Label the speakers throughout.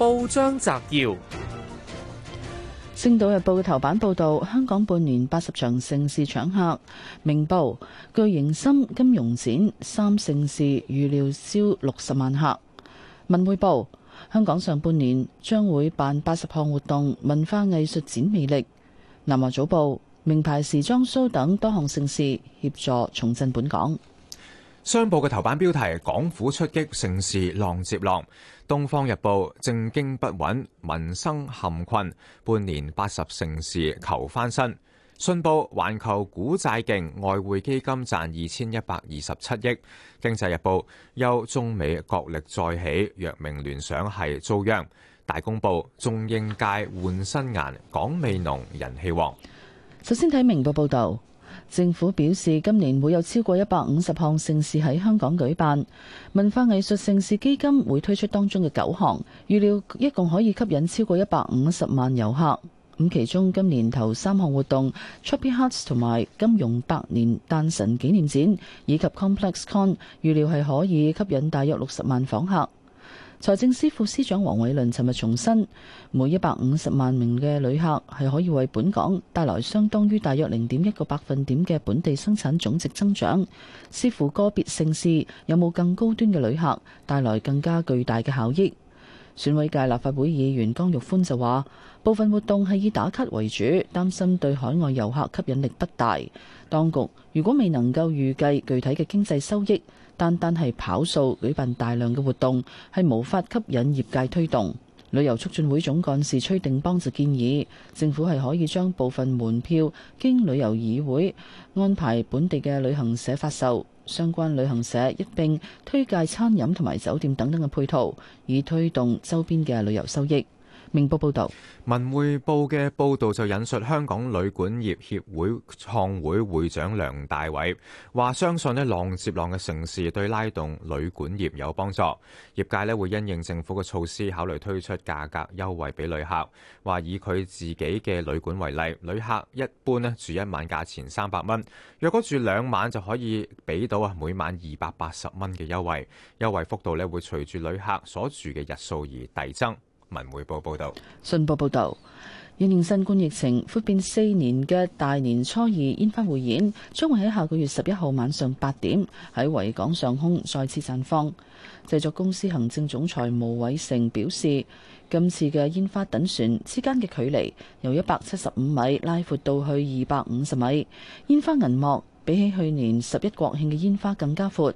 Speaker 1: 報章
Speaker 2: 摘要：
Speaker 1: 《星島日報》嘅頭版報道，香港半年八十場盛事搶客。《明報》巨型心金融展三盛事預料超六十萬客。《文匯報》香港上半年將會辦八十項活動，文化藝術展魅力。《南華早報》名牌時裝 show 等多項盛事協助重振本港。
Speaker 2: 商報嘅頭版標題：港府出擊，盛事浪接浪；東方日報：政經不穩，民生陷困；半年八十盛事求翻身。信報：環球股債勁，外匯基金賺二千一百二十七億。經濟日報：優中美國力再起，藥明聯想系遭殃。大公報：中英界換新顏，港味濃人氣旺。首先睇
Speaker 1: 明報報道。政府表示，今年會有超過一百五十項盛事喺香港舉辦，文化藝術盛事基金會推出當中嘅九項，預料一共可以吸引超過一百五十萬遊客。咁其中今年頭三項活動 Chubby Hearts 同埋金庸百年誕辰紀念展以及 Complex Con，預料係可以吸引大約六十萬訪客。財政司副司長黃偉綸尋日重申，每一百五十萬名嘅旅客係可以為本港帶來相當於大約零點一個百分點嘅本地生產總值增長，視乎個別城市有冇更高端嘅旅客帶來更加巨大嘅效益。選委界立法會議員江玉歡就話，部分活動係以打卡為主，擔心對海外遊客吸引力不大。當局如果未能夠預計具體嘅經濟收益。單單係跑數，舉辦大量嘅活動，係無法吸引業界推動。旅遊促進會總幹事崔定邦就建議，政府係可以將部分門票經旅遊議會安排本地嘅旅行社發售，相關旅行社一併推介餐飲同埋酒店等等嘅配套，以推動周邊嘅旅遊收益。明報報導，
Speaker 2: 文匯報嘅報導就引述香港旅館業協會創會會長梁大偉話：相信呢浪接浪嘅城市對拉動旅館業有幫助，業界呢會因應政府嘅措施，考慮推出價格優惠俾旅客。話以佢自己嘅旅館為例，旅客一般呢住一晚價錢三百蚊，若果住兩晚就可以俾到啊每晚二百八十蚊嘅優惠，優惠幅度呢會隨住旅客所住嘅日數而遞增。文匯報報道，
Speaker 1: 信報報道，因應新冠疫情闊別四年嘅大年初二煙花匯演，將會喺下個月十一號晚上八點喺維港上空再次綻放。製作公司行政總裁毛偉成表示，今次嘅煙花躉船之間嘅距離由一百七十五米拉闊到去二百五十米，煙花銀幕。比起去年十一國慶嘅煙花更加闊，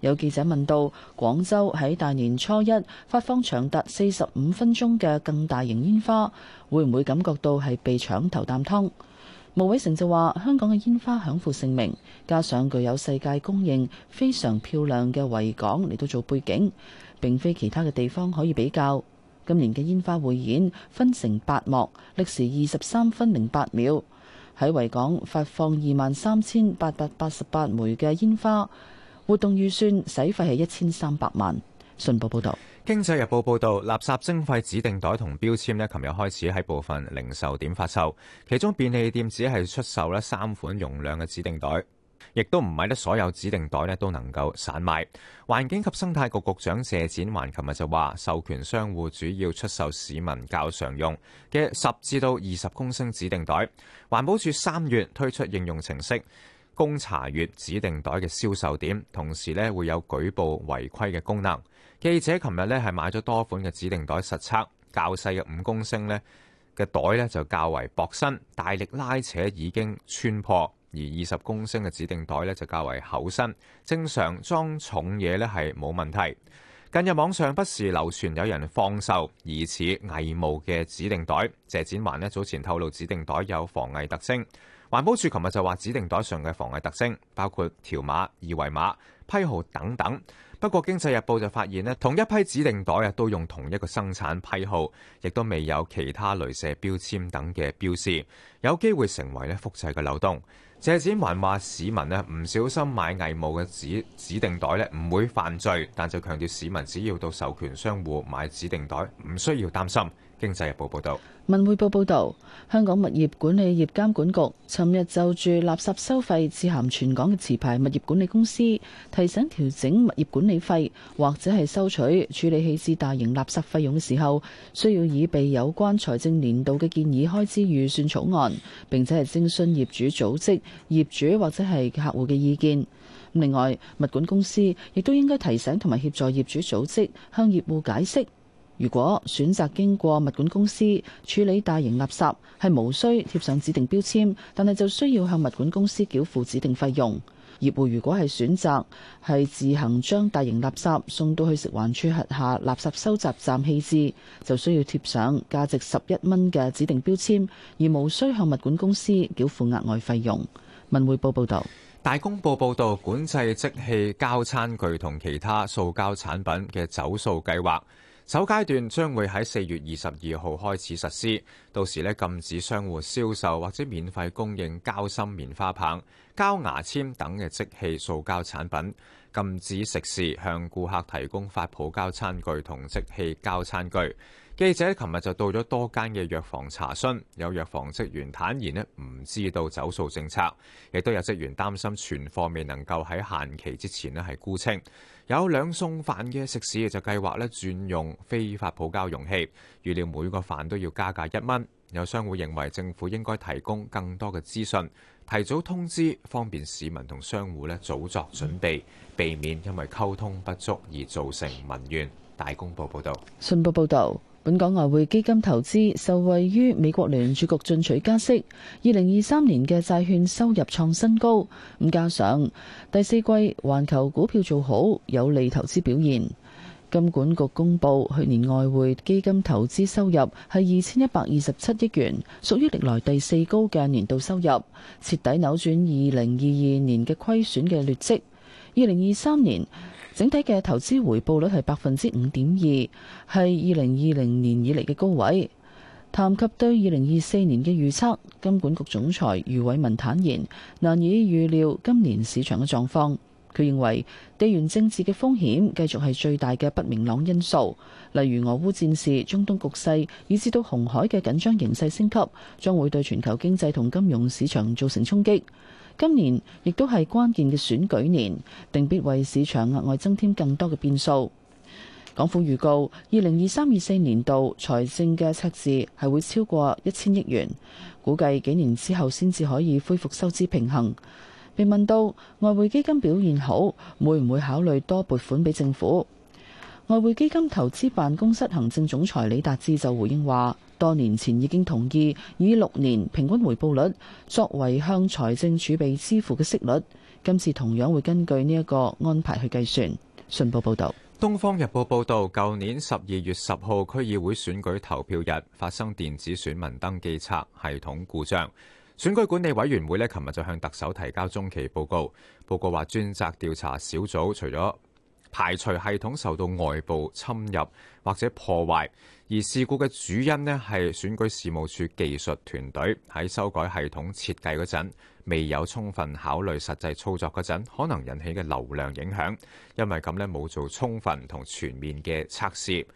Speaker 1: 有記者問到：廣州喺大年初一發放長達四十五分鐘嘅更大型煙花，會唔會感覺到係被搶頭啖湯？毛偉成就話：香港嘅煙花享負盛名，加上具有世界公認非常漂亮嘅維港嚟到做背景，並非其他嘅地方可以比較，今年嘅煙花匯演分成八幕，歷時二十三分零八秒。喺維港發放二萬三千八百八十八枚嘅煙花，活動預算使費係一千三百萬。信報報道，
Speaker 2: 經濟日報報道，垃圾徵費指定袋同標籤呢，琴日開始喺部分零售點發售，其中便利店只係出售呢三款容量嘅指定袋。亦都唔係得所有指定袋咧，都能夠散賣。環境及生態局局長謝展環琴日就話，授權商戶主要出售市民較常用嘅十至到二十公升指定袋。環保署三月推出應用程式，供查閲指定袋嘅銷售點，同時咧會有舉報違規嘅功能。記者琴日咧係買咗多款嘅指定袋實測，較細嘅五公升咧嘅袋咧就較為薄身，大力拉扯已經穿破。而二十公升嘅指定袋呢，就較為厚身，正常裝重嘢呢，係冇問題。近日網上不時流傳有人放售疑似偽冒嘅指定袋，謝展寰呢，早前透露指定袋有防偽特徵。環保署琴日就話指定袋上嘅防偽特徵包括條碼、二維碼、批號等等。不過經濟日報就發現呢同一批指定袋啊都用同一個生產批號，亦都未有其他雷射標籤等嘅標示，有機會成為咧複製嘅漏洞。借錢還話市民咧唔小心買偽冒嘅指指定袋唔會犯罪，但就強調市民只要到授權商戶買指定袋，唔需要擔心。經濟日報報導，
Speaker 1: 文匯報報導，香港物業管理業監管局尋日就住垃圾收費致函全港嘅持牌物業管理公司，提醒調整物業管理費或者係收取處理棄置大型垃圾費用嘅時候，需要以備有關財政年度嘅建議開支預算草案，並且係徵詢業主組織、業主或者係客戶嘅意見。另外，物管公司亦都應該提醒同埋協助業主組織向業戶解釋。如果選擇經過物管公司處理大型垃圾，係無需貼上指定標籤，但係就需要向物管公司繳付指定費用。業戶如果係選擇係自行將大型垃圾送到去食環處轄下垃圾收集站棄置，就需要貼上價值十一蚊嘅指定標籤，而無需向物管公司繳付額外費用。文匯報報導，
Speaker 2: 大公報報導管制即棄膠餐具同其他塑膠產品嘅走數計劃。首階段將會喺四月二十二號開始實施，到時咧，禁止商戶銷售或者免費供應膠心棉花棒、膠牙籤等嘅即棄塑膠產品，禁止食肆向顧客提供發泡膠餐具同即棄膠餐具。記者喺琴日就到咗多間嘅藥房查詢，有藥房職員坦言咧唔知道走塑政策，亦都有職員擔心存貨未能夠喺限期之前咧係沽清。有兩餸飯嘅食肆就計劃咧轉用非發泡膠容器，預料每個飯都要加價一蚊。有商戶認為政府應該提供更多嘅資訊，提早通知，方便市民同商戶咧早作準備，避免因為溝通不足而造成民怨。大公報報導，
Speaker 1: 信報報道。本港外匯基金投資受惠於美國聯儲局進取加息，二零二三年嘅債券收入創新高，咁加上第四季環球股票做好，有利投資表現。金管局公佈去年外匯基金投資收入係二千一百二十七億元，屬於歷來第四高嘅年度收入，徹底扭轉二零二二年嘅虧損嘅劣績。二零二三年。整體嘅投資回報率係百分之五點二，係二零二零年以嚟嘅高位。談及對二零二四年嘅預測，金管局總裁余偉文坦言，難以預料今年市場嘅狀況。佢認為，地緣政治嘅風險繼續係最大嘅不明朗因素，例如俄烏戰事、中東局勢，以至到紅海嘅緊張形勢升級，將會對全球經濟同金融市場造成衝擊。今年亦都係關鍵嘅選舉年，定必為市場額外增添更多嘅變數。港府預告，二零二三二四年度財政嘅赤字係會超過一千億元，估計幾年之後先至可以恢復收支平衡。被問到外匯基金表現好，會唔會考慮多撥款俾政府？外匯基金投資辦公室行政總裁李達志就回應話。多年前已經同意以六年平均回報率作為向財政儲備支付嘅息率，今次同樣會根據呢一個安排去計算。信報報道。
Speaker 2: 《東方日報》報道，舊年十二月十號區議會選舉投票日發生電子選民登記冊系統故障，選舉管理委員會呢琴日就向特首提交中期報告，報告話專責調查小組除咗排除系統受到外部侵入或者破壞，而事故嘅主因呢係選舉事務處技術團隊喺修改系統設計嗰陣，未有充分考慮實際操作嗰陣可能引起嘅流量影響，因為咁呢冇做充分同全面嘅測試。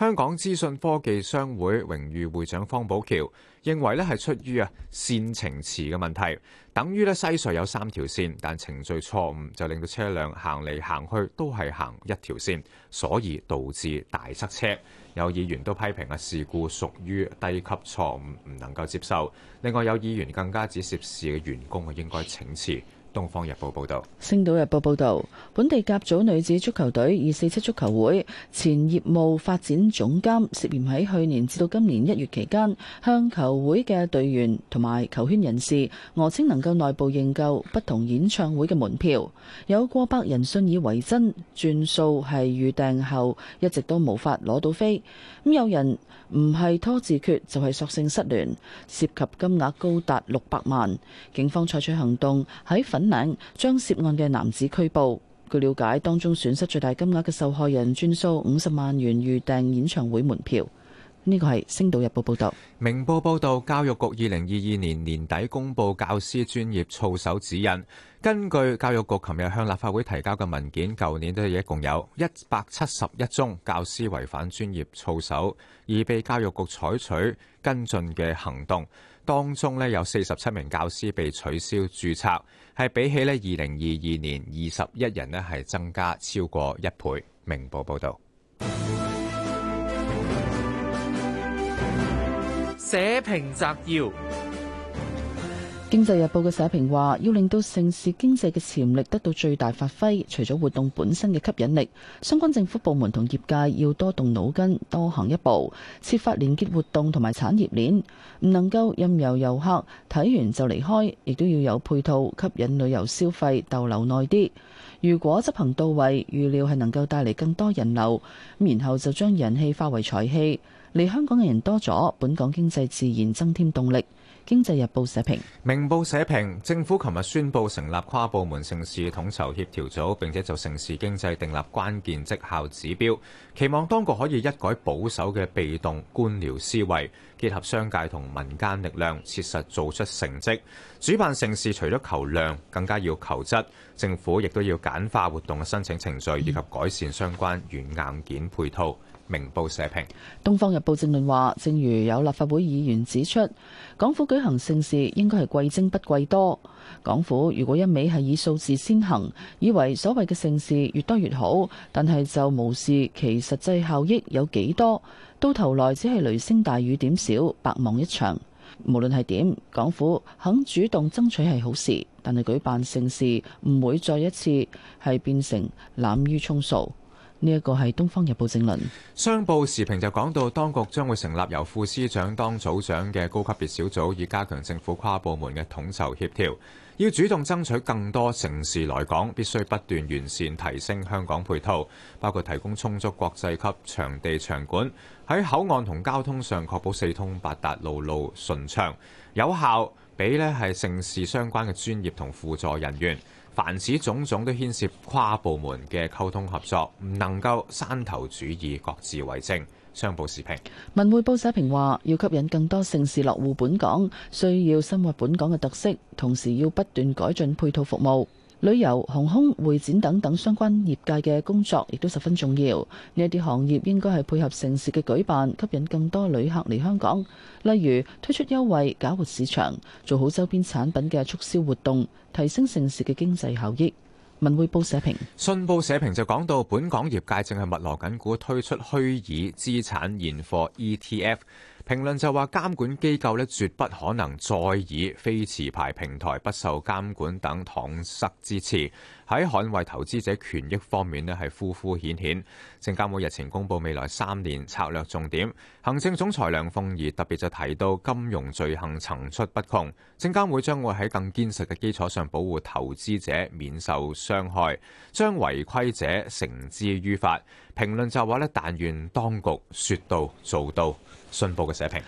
Speaker 2: 香港資訊科技商會榮譽會長方寶橋認為咧，係出於啊，線程池嘅問題，等於咧西隧有三條線，但程序錯誤就令到車輛行嚟行去都係行一條線，所以導致大塞車。有議員都批評啊，事故屬於低級錯誤，唔能夠接受。另外有議員更加指涉事嘅員工啊，應該請辭。東方日報報道
Speaker 1: 星島日報報道本地甲組女子足球隊二四七足球會前業務發展總監涉嫌喺去年至到今年一月期間向球會嘅隊員同埋球圈人士，訛稱能夠內部認購不同演唱會嘅門票，有過百人信以為真，轉數係預訂後一直都無法攞到飛，咁有人唔係拖字訣就係、是、索性失聯涉及金額高達六百萬警方採取行動喺將涉案嘅男子拘捕。據了解，當中損失最大金額嘅受害人專收五十萬元預訂演唱會門票。呢個係《星
Speaker 2: 島日報》報道。明報報道，教育局二零二二年年底公布教師專業操守指引。根據教育局琴日向立法會提交嘅文件，舊年都係一共有一百七十一宗教師違反專業操守，而被教育局採取跟進嘅行動。當中咧有四十七名教師被取消註冊，係比起咧二零二二年二十一人咧係增加超過一倍。明報報導，社評摘要。經
Speaker 1: 濟日報嘅社評話：要令到城市經濟嘅潛力得到最大發揮，除咗活動本身嘅吸引力，相關政府部門同業界要多動腦筋，多行一步，設法連結活動同埋產業鏈，唔能夠任由遊客睇完就離開，亦都要有配套吸引旅遊消費逗留耐啲。如果執行到位，預料係能夠帶嚟更多人流，然後就將人氣化為財氣，嚟香港嘅人多咗，本港經濟自然增添動力。《經濟日報社評》社
Speaker 2: 評。明報社評，政府琴日宣布成立跨部門城市統籌協調組，並且就城市經濟訂立關鍵績效指標，期望當局可以一改保守嘅被動官僚思維，結合商界同民間力量，切實做出成績。主辦城市除咗求量，更加要求質。政府亦都要簡化活動嘅申請程序，以及改善相關軟硬件配套。明報社評。
Speaker 1: 東方日報正論話，正如有立法會議員指出，港府舉行盛事應該係貴精不貴多。港府如果一味係以數字先行，以為所謂嘅盛事越多越好，但係就無視其實際效益有幾多，到頭來只係雷聲大雨點小，白忙一場，無論係點，港府肯主動爭取係好事，但係舉辦盛事唔會再一次係變成濫竽充數。呢一個係《東方日報》正論，
Speaker 2: 商報時評就講到，當局將會成立由副司長當組長嘅高級別小組，以加強政府跨部門嘅統籌協調。要主動爭取更多城市來港，必須不斷完善提升香港配套，包括提供充足國際級場地場館，喺口岸同交通上確保四通八達、路路順暢，有效俾呢係城市相關嘅專業同輔助人員。凡此種種都牽涉跨部門嘅溝通合作，唔能夠山頭主義各自為政。商報時評，
Speaker 1: 文匯報社評話要吸引更多城市落戶本港，需要深化本港嘅特色，同時要不斷改進配套服務。旅遊、航空、會展等等相關業界嘅工作亦都十分重要。呢一啲行業應該係配合城市嘅舉辦，吸引更多旅客嚟香港。例如推出優惠，搞活市場，做好周邊產品嘅促銷活動，提升城市嘅經濟效益。文匯報社評，
Speaker 2: 信報社評就講到，本港業界正係密鑼緊鼓推出虛擬資產現貨 ETF。評論就話，監管機構咧絕不可能再以非持牌平台不受監管等搪塞之詞。喺捍衛投資者權益方面咧係呼呼顯顯。證監會日前公布未來三年策略重點，行政總裁梁鳳儀特別就提到，金融罪行層出不窮，證監會將會喺更堅實嘅基礎上保護投資者免受傷害，將違規者繩之於法。評論就話咧，但願當局說到做到。信報嘅社評。